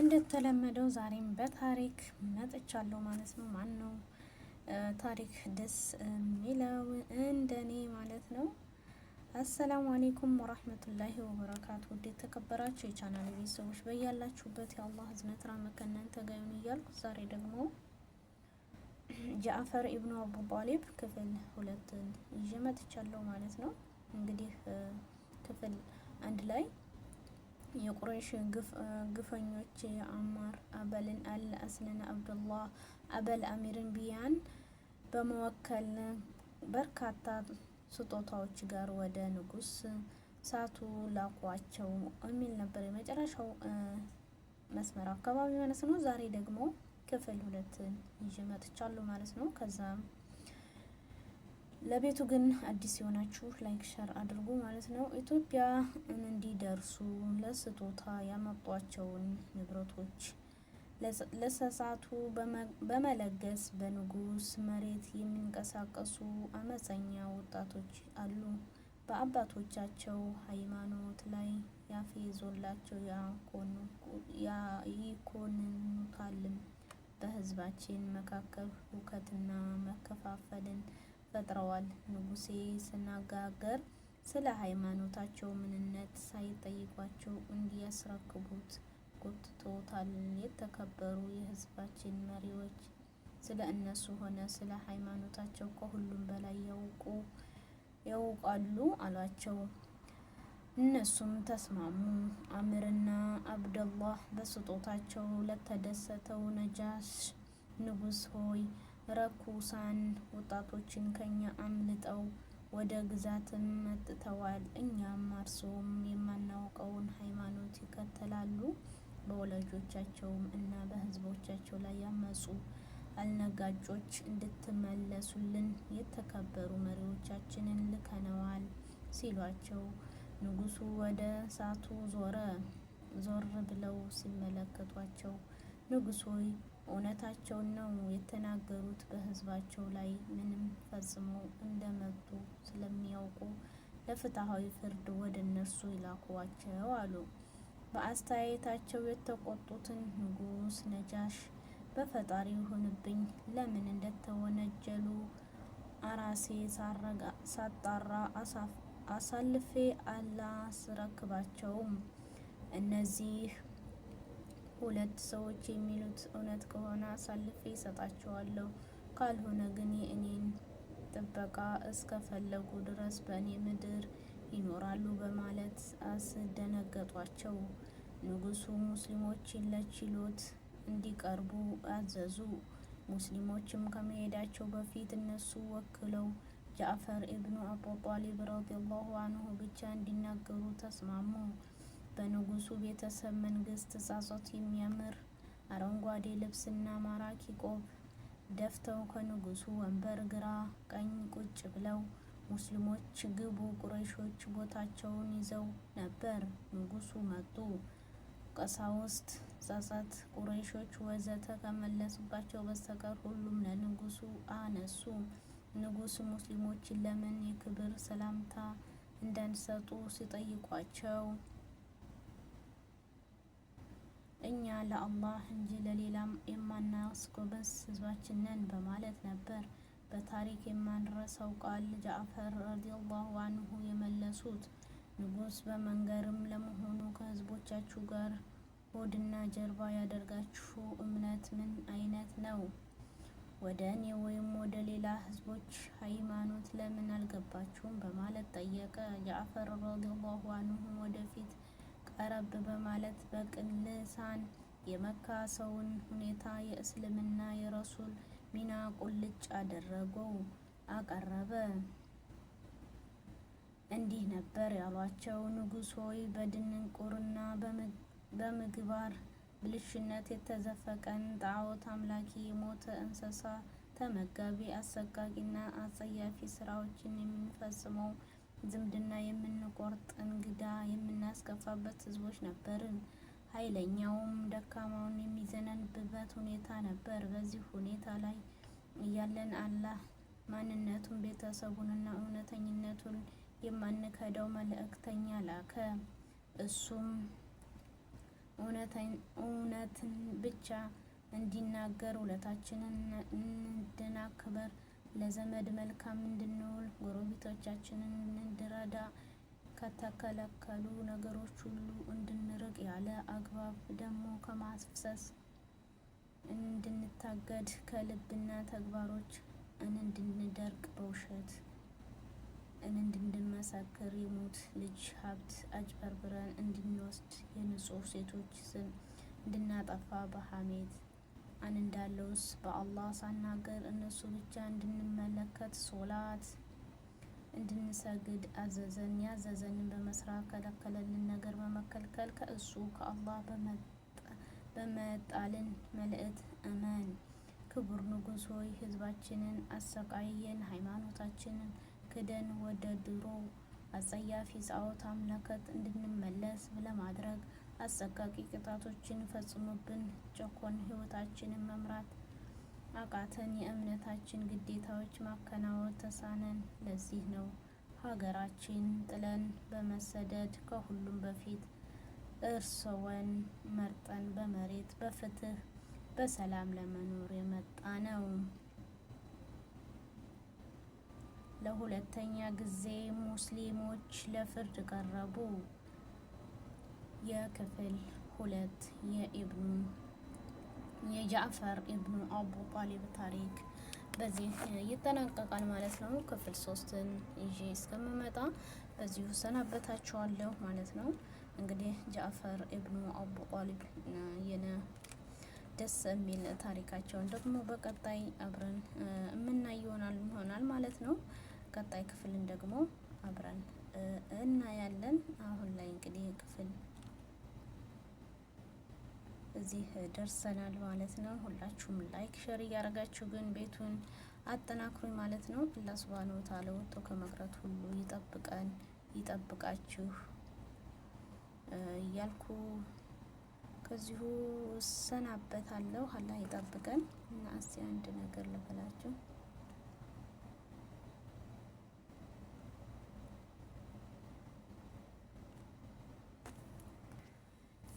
እንደተለመደው ዛሬም በታሪክ መጥቻለሁ ማለት ነው። ማን ነው ታሪክ ደስ የሚለው እንደኔ ማለት ነው። አሰላሙ አሌይኩም ወራህመቱላሂ ወበረካቱ። ውድ የተከበራችሁ የቻናል ቤተሰቦች በያላችሁበት የአላህ ህዝነት ራመት ከእናንተ ጋር ይሁን እያልኩ ዛሬ ደግሞ ጃዕፈር ኢብኑ አቡ ጣሊብ ክፍል ሁለት ይዤ መጥቻለሁ ማለት ነው። እንግዲህ ክፍል አንድ ላይ የቁረይሽ ግፈኞች የአማር አበልን አል አስልን አብዱላህ አበል አሚርን ቢያን በመወከል በርካታ ስጦታዎች ጋር ወደ ንጉስ ሳቱ ላኳቸው የሚል ነበር። የመጨረሻው መስመር አካባቢ ማለት ነው። ዛሬ ደግሞ ክፍል ሁለትን ይዤ መጥቻለሁ ማለት ነው። ከዛም ለቤቱ ግን አዲስ የሆናችሁ ላይክ ሸር አድርጉ ማለት ነው። ኢትዮጵያ እንዲደርሱ ለስጦታ ያመጧቸውን ንብረቶች ለሰሳቱ በመለገስ በንጉስ መሬት የሚንቀሳቀሱ አመፀኛ ወጣቶች አሉ። በአባቶቻቸው ሃይማኖት ላይ ያፌዞላቸው ያኮንኑታልም። በህዝባችን መካከል ሁከትና መከፋፈልን ፈጥረዋል። ንጉሴ ሲናገር ስለ ሃይማኖታቸው ምንነት ሳይጠይቋቸው እንዲያስረክቡት ጎትቶታል የተከበሩ የህዝባችን መሪዎች ስለ እነሱ ሆነ ስለ ሃይማኖታቸው ከሁሉም በላይ ያውቁ ያውቃሉ አሏቸው። እነሱም ተስማሙ። አምርና አብደላህ በስጦታቸው ለተደሰተው ነጃሽ ንጉስ ሆይ ረኩሳን ወጣቶችን ከኛ አምልጠው ወደ ግዛትም መጥተዋል። እኛም አርሶም የማናውቀውን ሃይማኖት ይከተላሉ። በወላጆቻቸውም እና በህዝቦቻቸው ላይ ያመፁ። አልነጋጮች እንድትመለሱልን የተከበሩ መሪዎቻችንን ልከነዋል ሲሏቸው ንጉሱ ወደ እሳቱ ዞረ። ዞር ብለው ሲመለከቷቸው ንጉሶይ እውነታቸውን ነው የተናገሩት። በህዝባቸው ላይ ምንም ፈጽመው እንደመጡ ስለሚያውቁ ለፍትሐዊ ፍርድ ወደ እነርሱ ይላኩዋቸው አሉ። በአስተያየታቸው የተቆጡትን ንጉስ ነጃሽ በፈጣሪ ይሁንብኝ ለምን እንደተወነጀሉ አራሴ ሳጣራ አሳልፌ አላስረክባቸውም እነዚህ ሁለት ሰዎች የሚሉት እውነት ከሆነ አሳልፌ ይሰጣቸዋለሁ፣ ካልሆነ ግን የእኔን ጥበቃ እስከፈለጉ ድረስ በእኔ ምድር ይኖራሉ በማለት አስደነገጧቸው። ንጉሱ ሙስሊሞችን ለችሎት እንዲቀርቡ አዘዙ። ሙስሊሞችም ከመሄዳቸው በፊት እነሱ ወክለው ጃዕፈር ኢብኑ አቡ ጣሊብ ረዲየላሁ አንሁ ብቻ እንዲናገሩ ተስማሙ። በንጉሱ ቤተሰብ መንግስት ተጻጾት የሚያምር አረንጓዴ ልብስና ማራኪ ቆብ ደፍተው ከንጉሱ ወንበር ግራ ቀኝ ቁጭ ብለው ሙስሊሞች ግቡ ቁረይሾች ቦታቸውን ይዘው ነበር። ንጉሱ መጡ። ቀሳውስት ጸጸት፣ ቁረይሾች ወዘተ ከመለሱባቸው በስተቀር ሁሉም ለንጉሱ አነሱ። ንጉስ ሙስሊሞችን ለምን የክብር ሰላምታ እንዳንሰጡ ሲጠይቋቸው እኛ ለአላህ እንጂ ለሌላም የማናስጎበዝ ህዝባችን ነን በማለት ነበር በታሪክ የማንረሰው ቃል ጃዕፈር ረዲየላሁ አንሁ የመለሱት። ንጉስ በመንገርም ለመሆኑ ከህዝቦቻችሁ ጋር ሆድና ጀርባ ያደርጋችሁ እምነት ምን አይነት ነው? ወደ እኔ ወይም ወደ ሌላ ህዝቦች ሃይማኖት ለምን አልገባችሁም? በማለት ጠየቀ። ጃዕፈር ረዲየላሁ አንሁ ወደፊት ቀረብ በማለት በቅን ልሳን የመካ ሰውን ሁኔታ የእስልምና የረሱል ሚና ቁልጭ አደረገው አቀረበ። እንዲህ ነበር ያሏቸው፣ ንጉሥ ሆይ በድንቁርና በምግባር ብልሽነት የተዘፈቀን ጣዖት አምላኪ የሞተ እንስሳ ተመጋቢ አሰቃቂና አጸያፊ ስራዎችን የሚፈጽመው ዝምድና የምንቆርጥ እንግዳ የምናስከፋበት ህዝቦች ነበርን። ኃይለኛውም ደካማውን የሚዘነንብበት ሁኔታ ነበር። በዚህ ሁኔታ ላይ እያለን አላህ ማንነቱን፣ ቤተሰቡንና እውነተኝነቱን የማንከደው መልእክተኛ ላከ። እሱም እውነትን ብቻ እንዲናገር፣ ውለታችንን እንድናክበር ለዘመድ መልካም እንድንውል ጎረቤቶቻችንን እንድረዳ ከተከለከሉ ነገሮች ሁሉ እንድንርቅ ያለ አግባብ ደግሞ ከማስፈሰስ እንድንታገድ ከልብና ተግባሮች እንድንደርቅ በውሸት እንድንመሰክር የሞት ልጅ ሀብት አጭበርብረን እንድንወስድ የንጹህ ሴቶች ስም እንድናጠፋ በሀሜት አንዳለውስ በአላህ ሳናገር እነሱ ብቻ እንድንመለከት ሶላት እንድንሰግድ አዘዘን። ያዘዘንን በመስራት ከለከለልን ነገር በመከልከል ከእሱ ከአላህ በመጣልን መልእት እመን። ክቡር ንጉሥ ሆይ ህዝባችንን አሰቃየን፣ ሃይማኖታችንን ክደን ወደ ድሮ አጸያፊ ጣዖት አምለከት እንድንመለስ ለማድረግ አሰቃቂ ቅጣቶችን ፈጽሞብን ጨኮን ህይወታችንን መምራት አቃተን። የእምነታችን ግዴታዎች ማከናወን ተሳነን። ለዚህ ነው ሀገራችን ጥለን በመሰደድ ከሁሉም በፊት እርስዎን መርጠን በመሬት በፍትህ በሰላም ለመኖር የመጣ ነው። ለሁለተኛ ጊዜ ሙስሊሞች ለፍርድ ቀረቡ። የክፍል ሁለት የኢብኑ የጃዕፈር ኢብኑ አቡ ጣሊብ ታሪክ በዚህ ይጠናቀቃል ማለት ነው። ክፍል ሶስትን ይዤ እስከምመጣ በዚሁ ሰናበታችኋለሁ ማለት ነው። እንግዲህ ጃዕፈር ኢብኑ አቡ ጣሊብ የነ ደስ የሚል ታሪካቸውን ደግሞ በቀጣይ አብረን የምናይ ይሆናል ይሆናል ማለት ነው። ቀጣይ ክፍልን ደግሞ አብረን እናያለን። አሁን ላይ እንግዲህ ክፍል እዚህ ደርሰናል ማለት ነው። ሁላችሁም ላይክ ሸር እያደረጋችሁ ግን ቤቱን አጠናክሩኝ ማለት ነው። አላህ ሱብሃነሁ ወተዓላ ወጥቶ ከመቅረት ሁሉ ይጠብቀን ይጠብቃችሁ እያልኩ ከዚሁ እሰናበታለሁ። አላህ ይጠብቀን እና እስቲ አንድ ነገር ልበላችሁ።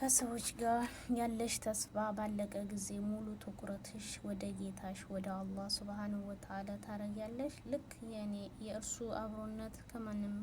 ከሰዎች ጋር ያለሽ ተስፋ ባለቀ ጊዜ ሙሉ ትኩረትሽ ወደ ጌታሽ ወደ አላህ ሱብሃነሁ ወተዓላ ታረጊያለሽ። ልክ የኔ የእርሱ አብሮነት ከማንም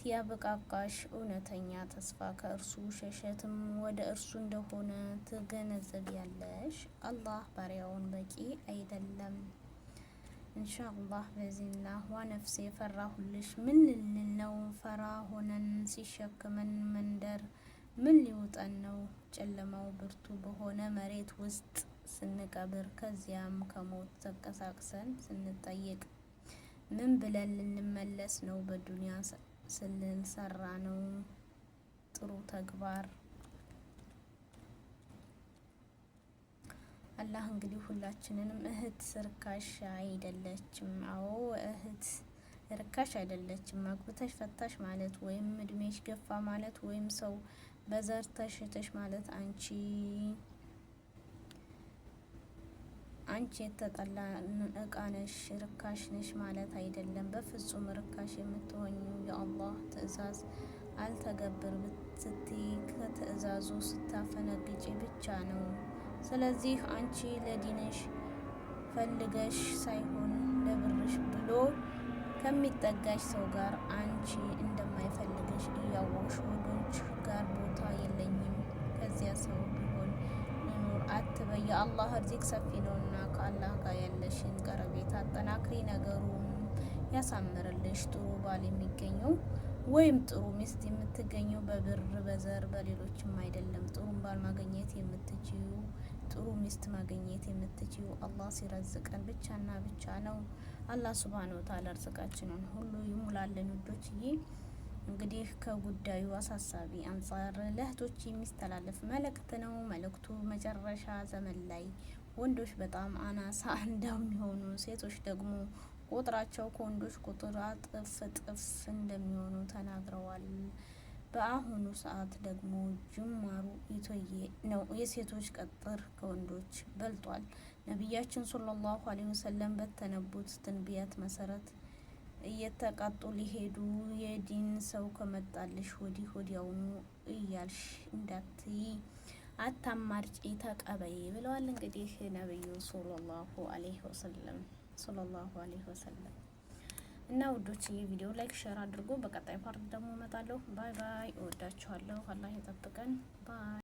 ሲያበቃቃሽ እውነተኛ ተስፋ ከእርሱ ሸሸትም ወደ እርሱ እንደሆነ ትገነዘብ ያለሽ። አላህ ባሪያውን በቂ አይደለም። ኢንሻአላህ በዚህና ዋ ነፍሴ ፈራሁልሽ ምን ልንል ነው? ፈራ ሆነን ሲሸክመን መንደር ምን ሊውጠን ነው? ጨለማው ብርቱ በሆነ መሬት ውስጥ ስንቀብር፣ ከዚያም ከሞት ተንቀሳቅሰን ስንጠየቅ፣ ምን ብለን ልንመለስ ነው? በዱንያ ስልንሰራ ነው ጥሩ ተግባር አላህ እንግዲህ ሁላችንንም እህት ርካሽ አይደለችም። አዎ እህት ርካሽ አይደለችም። አግብተሽ ፈታሽ ማለት ወይም እድሜሽ ገፋ ማለት ወይም ሰው በዘር ተሽተሽ ማለት አንቺ አንቺ የተጠላ እቃ ነሽ፣ ርካሽ ነሽ ማለት አይደለም። በፍጹም ርካሽ የምትሆኙ የአላህ ትዕዛዝ አልተገብር ብትቲ ከትዕዛዙ ስታፈነግጪ ብቻ ነው። ስለዚህ አንቺ ለዲንሽ ፈልገሽ ሳይሆን ለብርሽ ብሎ ከሚጠጋሽ ሰው ጋር አንቺ እንደማይፈልገሽ እያወቅሽ ወንዶች ጋር ቦታ የለኝም ከዚያ ሰው ቢሆን ልኑር አትበይ። የአላህ ርዚቅ ሰፊ ነውና ከአላህ ጋር ያለሽን ቀረቤታ አጠናክሪ። ነገሩን ያሳምርልሽ። ጥሩ ባል የሚገኘው ወይም ጥሩ ሚስት የምትገኘው በብር በዘር በሌሎችም አይደለም። ጥሩም ባል ማግኘት የምትችዩ ጥሩ ሚስት ማግኘት የምትችዩ አላህ ሲረዝቀን ብቻና ብቻ ነው። አላህ ሱብሃነ ወተዓላ እርዝቃችንን ሁሉ ይሙላልን ውዶችዬ። እንግዲህ ከጉዳዩ አሳሳቢ አንጻር ለእህቶች የሚስተላለፍ መልእክት ነው። መልእክቱ መጨረሻ ዘመን ላይ ወንዶች በጣም አናሳ እንደሚሆኑ፣ ሴቶች ደግሞ ቁጥራቸው ከወንዶች ቁጥር እጥፍ እጥፍ እንደሚሆኑ ተናግረዋል። በአሁኑ ሰዓት ደግሞ ጅማሩ ኢቶዬ ነው። የሴቶች ቀጥር ከወንዶች በልጧል። ነቢያችን ሰለላሁ አለይሂ ወሰለም በተነቡት ትንቢያት መሰረት እየተቃጡ ሊሄዱ የዲን ሰው ከመጣልሽ ወዲህ ወዲያውኑ እያልሽ እንዳትይ አታማርጪ ተቀበይ ብለዋል። እንግዲህ ነብዩ ሰለላሁ አለይሂ ወሰለም ሰለላሁ አለይሂ ወሰለም እና ውዶች የቪዲዮ ላይክ ሼር አድርጎ በቀጣይ ፓርት ደግሞ እመጣለሁ። ባይ ባይ። እወዳችኋለሁ። አላህ ይጠብቀን። ባይ